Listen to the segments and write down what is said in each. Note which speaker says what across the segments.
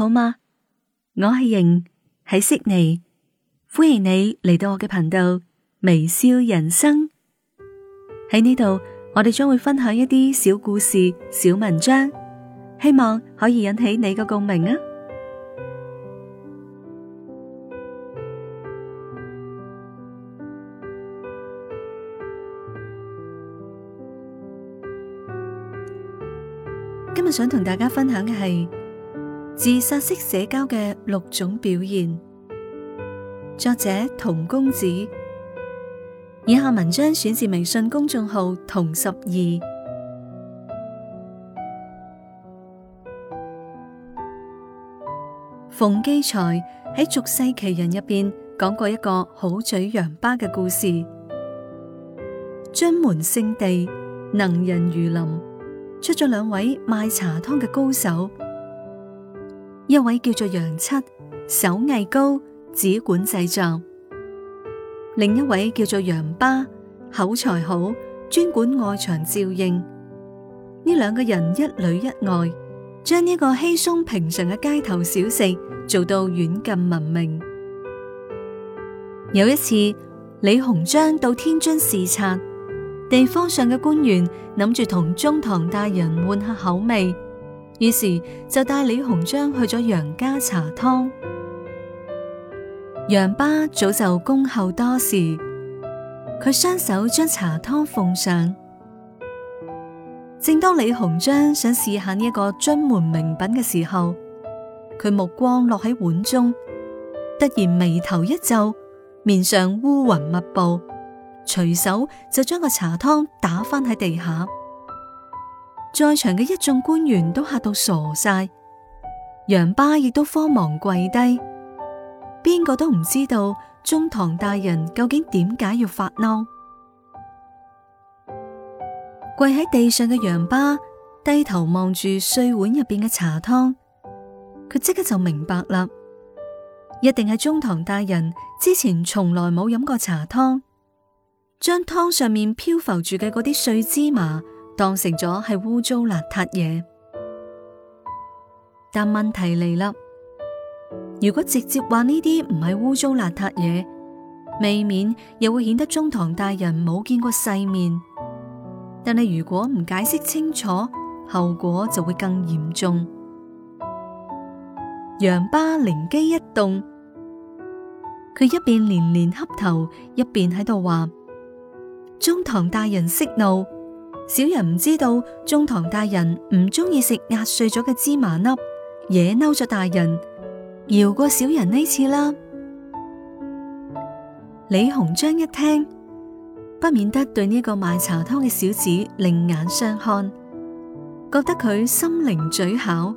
Speaker 1: 好嗎？我係瑩，喺悉尼，歡迎你嚟到我嘅頻道微笑人生。喺呢度，我哋將會分享一啲小故事、小文章，希望可以引起你嘅共鳴啊！今日想同大家分享嘅係，自殺式社交嘅六種表現，作者童公子。以下文章選自微信公眾號童十二。馮驥才喺《俗世奇人》入邊講過一個好嘴楊巴嘅故事。津門勝地，能人如林，出咗兩位賣茶湯嘅高手。一位叫做楊七，手藝高，只管製作；另一位叫做楊巴，口才好，專管外場照應。呢兩個人一裏一外，將呢個稀鬆平常嘅街頭小食做到遠近聞名。有一次，李鴻章到天津視察，地方上嘅官員諗住同中堂大人換下口味。於是就帶李鴻章去咗楊家茶湯，楊巴早就恭候多時，佢雙手將茶湯奉上。正當李鴻章想試下呢一個津門名品嘅時候，佢目光落喺碗中，突然眉頭一皺，面上烏雲密布，隨手就將個茶湯打翻喺地下。在場嘅一眾官員都嚇到傻晒，楊巴亦都慌忙跪低，邊個都唔知道中堂大人究竟點解要發嬲。跪喺地上嘅楊巴低頭望住碎碗入邊嘅茶湯，佢即刻就明白啦，一定係中堂大人之前從來冇飲過茶湯，將湯上面漂浮住嘅嗰啲碎芝麻。當成咗係污糟邋遢嘢，但問題嚟啦！如果直接話呢啲唔係污糟邋遢嘢，未免又會顯得中堂大人冇見過世面。但係如果唔解釋清楚，後果就會更嚴重。楊巴靈機一動，佢一邊連連磕頭，一邊喺度話：中堂大人息怒。小人唔知道，中堂大人唔中意食壓碎咗嘅芝麻粒，惹嬲咗大人，饒過小人呢次啦。李鴻章一聽，不免得對呢個賣茶湯嘅小子另眼相看，覺得佢心靈嘴巧，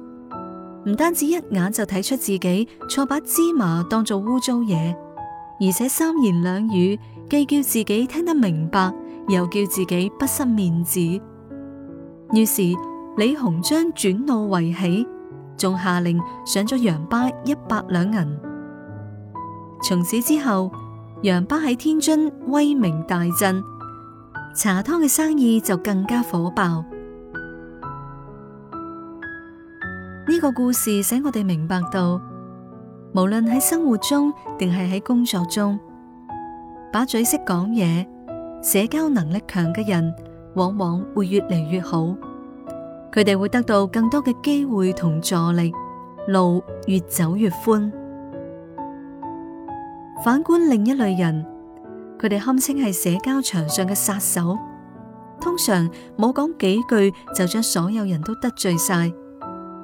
Speaker 1: 唔單止一眼就睇出自己錯把芝麻當做污糟嘢，而且三言兩語，既叫自己聽得明白。又叫自己不失面子，於是李鴻章轉怒為喜，仲下令上咗楊巴一百兩銀。從此之後，楊巴喺天津威名大振，茶湯嘅生意就更加火爆。呢個故事使我哋明白到，無論喺生活中定係喺工作中，把嘴識講嘢。社交能力強嘅人，往往會越嚟越好，佢哋會得到更多嘅機會同助力，路越走越寬。反觀另一類人，佢哋堪稱係社交場上嘅殺手，通常冇講幾句就將所有人都得罪晒，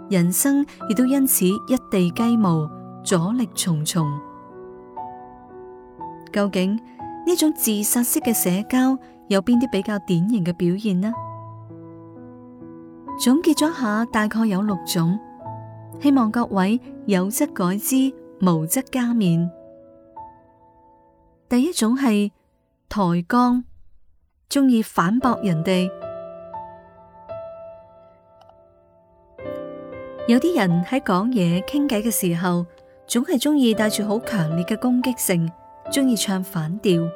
Speaker 1: 人生亦都因此一地雞毛，阻力重重。究竟呢種自殺式嘅社交有邊啲比較典型嘅表現呢？總結咗下，大概有六種，希望各位有則改之，無則加勉。第一種係抬槓，中意反駁人哋。有啲人喺講嘢傾偈嘅時候，總係中意帶住好強烈嘅攻擊性，中意唱反調。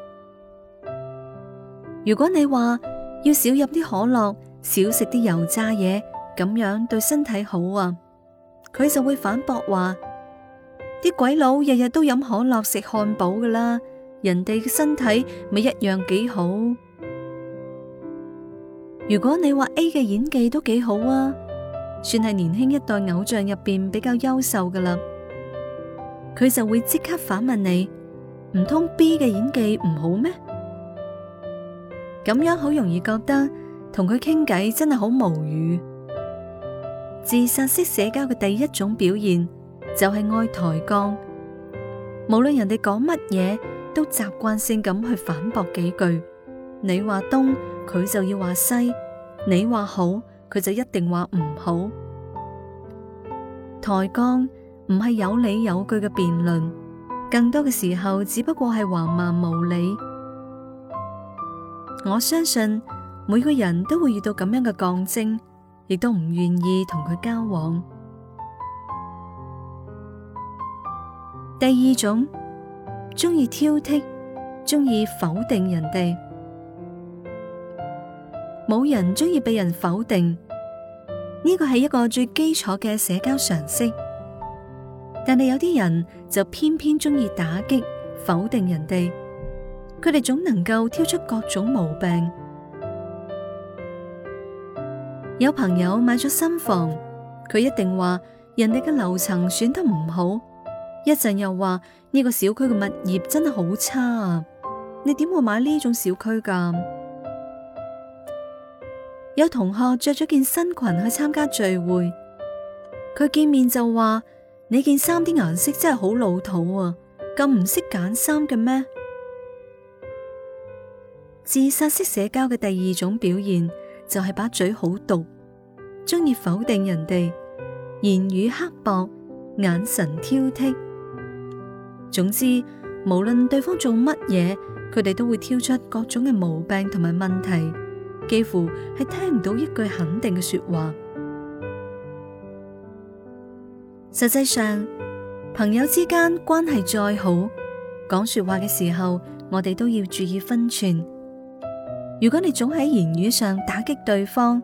Speaker 1: 如果你話要少飲啲可樂，少食啲油炸嘢，咁樣對身體好啊，佢就會反駁話：啲鬼佬日日都飲可樂食漢堡噶啦，人哋嘅身體咪一樣幾好。如果你話 A 嘅演技都幾好啊，算係年輕一代偶像入邊比較優秀噶啦，佢就會即刻反問你：唔通 B 嘅演技唔好咩？咁樣好容易覺得同佢傾偈真係好無語。自殺式社交嘅第一種表現就係愛抬槓，無論人哋講乜嘢，都習慣性咁去反駁幾句。你話東，佢就要話西；你話好，佢就一定話唔好。抬槓唔係有理有據嘅辯論，更多嘅時候只不過係橫蠻無理。我相信每個人都會遇到咁樣嘅槓精，亦都唔願意同佢交往。第二種中意挑剔，中意否定人哋。冇人中意被人否定，呢個係一個最基礎嘅社交常識。但係有啲人就偏偏中意打擊、否定人哋。佢哋總能夠挑出各種毛病。有朋友買咗新房，佢一定話人哋嘅樓層選得唔好。一陣又話呢個小區嘅物業真係好差啊！你點會買呢種小區㗎？有同學着咗件新裙去參加聚會，佢見面就話你件衫啲顏色真係好老土啊！咁唔識揀衫嘅咩？自殺式社交嘅第二種表現就係把嘴好毒，中意否定人哋，言語刻薄，眼神挑剔。總之，無論對方做乜嘢，佢哋都會挑出各種嘅毛病同埋問題，幾乎係聽唔到一句肯定嘅說話。實際上，朋友之間關係再好，講說話嘅時候，我哋都要注意分寸。如果你總喺言語上打擊對方，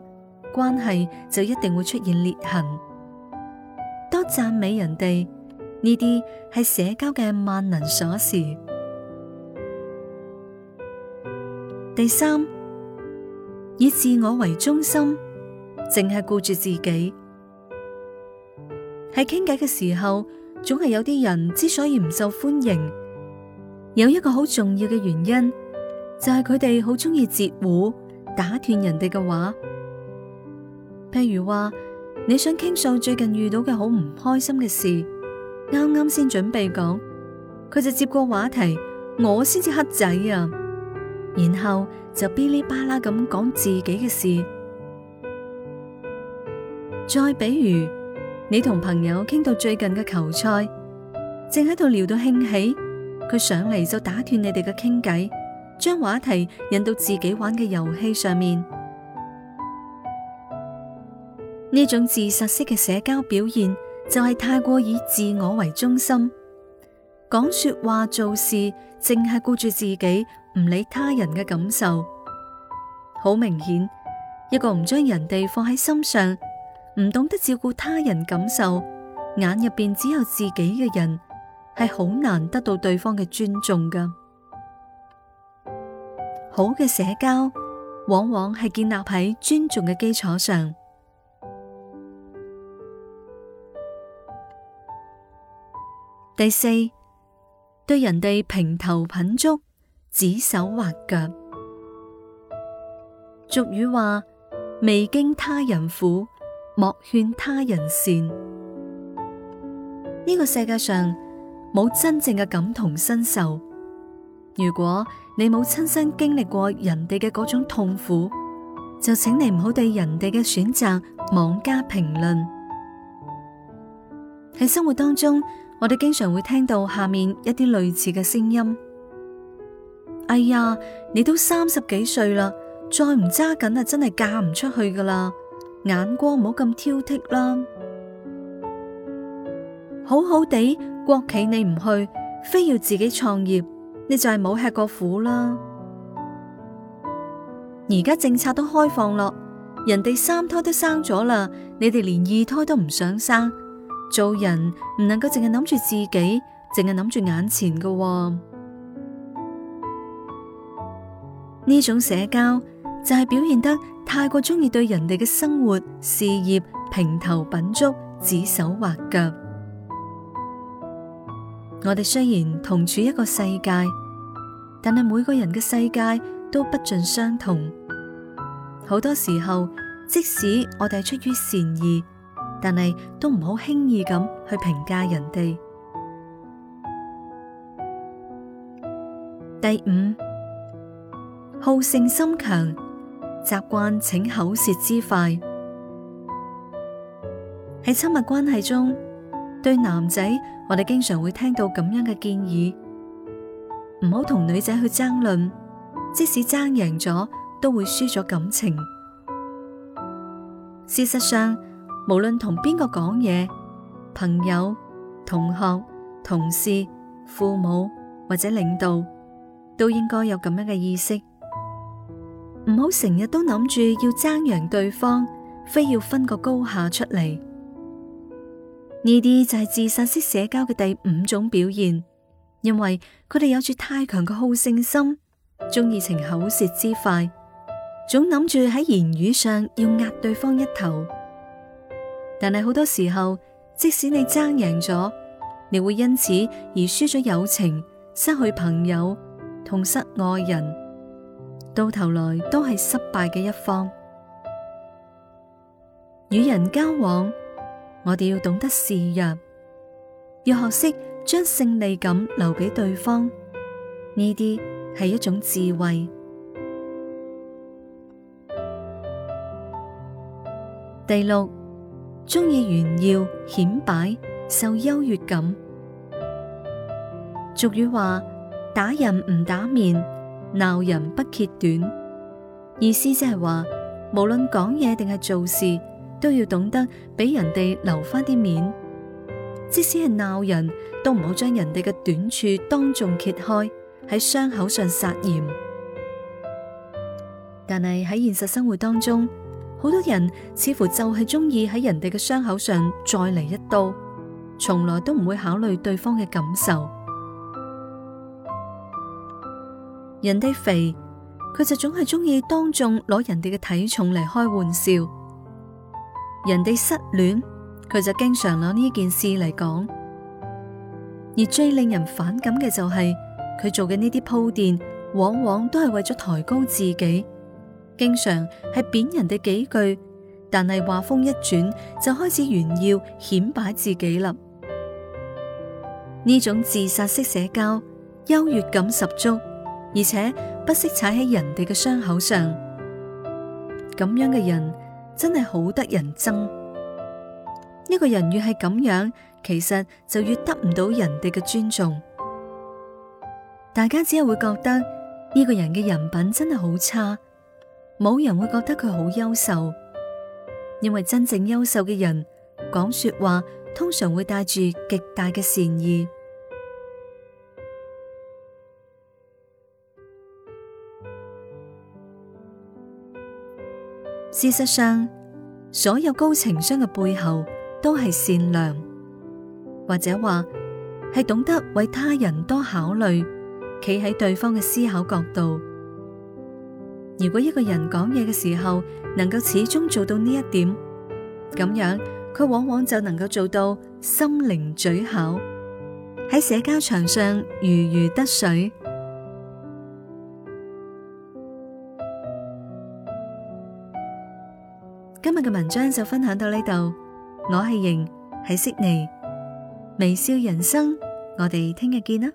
Speaker 1: 關係就一定會出現裂痕。多讚美人哋，呢啲係社交嘅萬能鎖匙。第三，以自我為中心，淨係顧住自己。喺傾偈嘅時候，總係有啲人之所以唔受歡迎，有一個好重要嘅原因。就係佢哋好中意截胡打斷人哋嘅話，譬如話你想傾訴最近遇到嘅好唔開心嘅事，啱啱先準備講，佢就接過話題，我先至黑仔啊，然後就嗶哩吧啦咁講自己嘅事。再比如你同朋友傾到最近嘅球賽，正喺度聊到興起，佢上嚟就打斷你哋嘅傾偈。將話題引到自己玩嘅遊戲上面，呢種自殺式嘅社交表現就係太過以自我為中心，講說話、做事淨係顧住自己，唔理他人嘅感受。好明顯，一個唔將人哋放喺心上，唔懂得照顧他人感受，眼入邊只有自己嘅人，係好難得到對方嘅尊重噶。好嘅社交，往往係建立喺尊重嘅基礎上。第四，對人哋評頭品足，指手畫腳。俗語話：未經他人苦，莫勸他人善。呢個世界上冇真正嘅感同身受。如果你冇親身經歷過人哋嘅嗰種痛苦，就請你唔好對人哋嘅選擇妄加評論。喺生活當中，我哋經常會聽到下面一啲類似嘅聲音：哎呀，你都三十幾歲啦，再唔揸緊啊，真係嫁唔出去噶啦，眼光唔好咁挑剔啦，好好地國企你唔去，非要自己創業。你就係冇吃過苦啦，而家政策都開放咯，人哋三胎都生咗啦，你哋連二胎都唔想生，做人唔能夠淨係諗住自己，淨係諗住眼前噶哦。呢種社交就係表現得太過中意對人哋嘅生活、事業、評頭品足、指手畫腳。我哋雖然同處一個世界，但係每個人嘅世界都不盡相同。好多時候，即使我哋出於善意，但係都唔好輕易咁去評價人哋。第五，好勝心強，習慣逞口舌之快。喺親密關係中，對男仔。我哋經常會聽到咁樣嘅建議，唔好同女仔去爭論，即使爭贏咗，都會輸咗感情。事實上，無論同邊個講嘢，朋友、同學、同事、父母或者領導，都應該有咁樣嘅意識，唔好成日都諗住要爭贏對方，非要分個高下出嚟。呢啲就係自殺式社交嘅第五種表現，因為佢哋有住太強嘅好勝心，中意逞口舌之快，總諗住喺言語上要壓對方一頭。但係好多時候，即使你爭贏咗，你會因此而輸咗友情，失去朋友同失愛人，到頭來都係失敗嘅一方。與人交往，我哋要懂得示弱，要學識將勝利感留俾對方，呢啲係一種智慧。第六，鍾意炫耀、顯擺、受優越感。俗語話：打人唔打面，鬧人不揭短。意思即係話，無論講嘢定係做事。都要懂得俾人哋留翻啲面，即使係鬧人都唔好將人哋嘅短處當眾揭開，喺傷口上撒鹽。但係喺現實生活當中，好多人似乎就係中意喺人哋嘅傷口上再嚟一刀，從來都唔會考慮對方嘅感受。人哋肥，佢就總係中意當眾攞人哋嘅體重嚟開玩笑。人哋失戀，佢就經常攞呢件事嚟講。而最令人反感嘅就係，佢做嘅呢啲鋪墊，往往都係為咗抬高自己，經常係貶人哋幾句，但係話風一轉就開始炫耀顯擺自己啦。呢種自殺式社交，優越感十足，而且不惜踩喺人哋嘅傷口上。咁樣嘅人，真係好得人憎，呢個人越係咁樣，其實就越得唔到人哋嘅尊重。大家只係會覺得呢、這個人嘅人品真係好差，冇人會覺得佢好優秀。因為真正優秀嘅人，講說話通常會帶住極大嘅善意。事實上，所有高情商嘅背後都係善良，或者話係懂得為他人多考慮，企喺對方嘅思考角度。如果一個人講嘢嘅時候能夠始終做到呢一點，咁樣佢往往就能夠做到心靈嘴巧，喺社交場上如魚得水。嘅文章就分享到呢度，我係瑩喺悉尼微笑人生，我哋聽日見啦。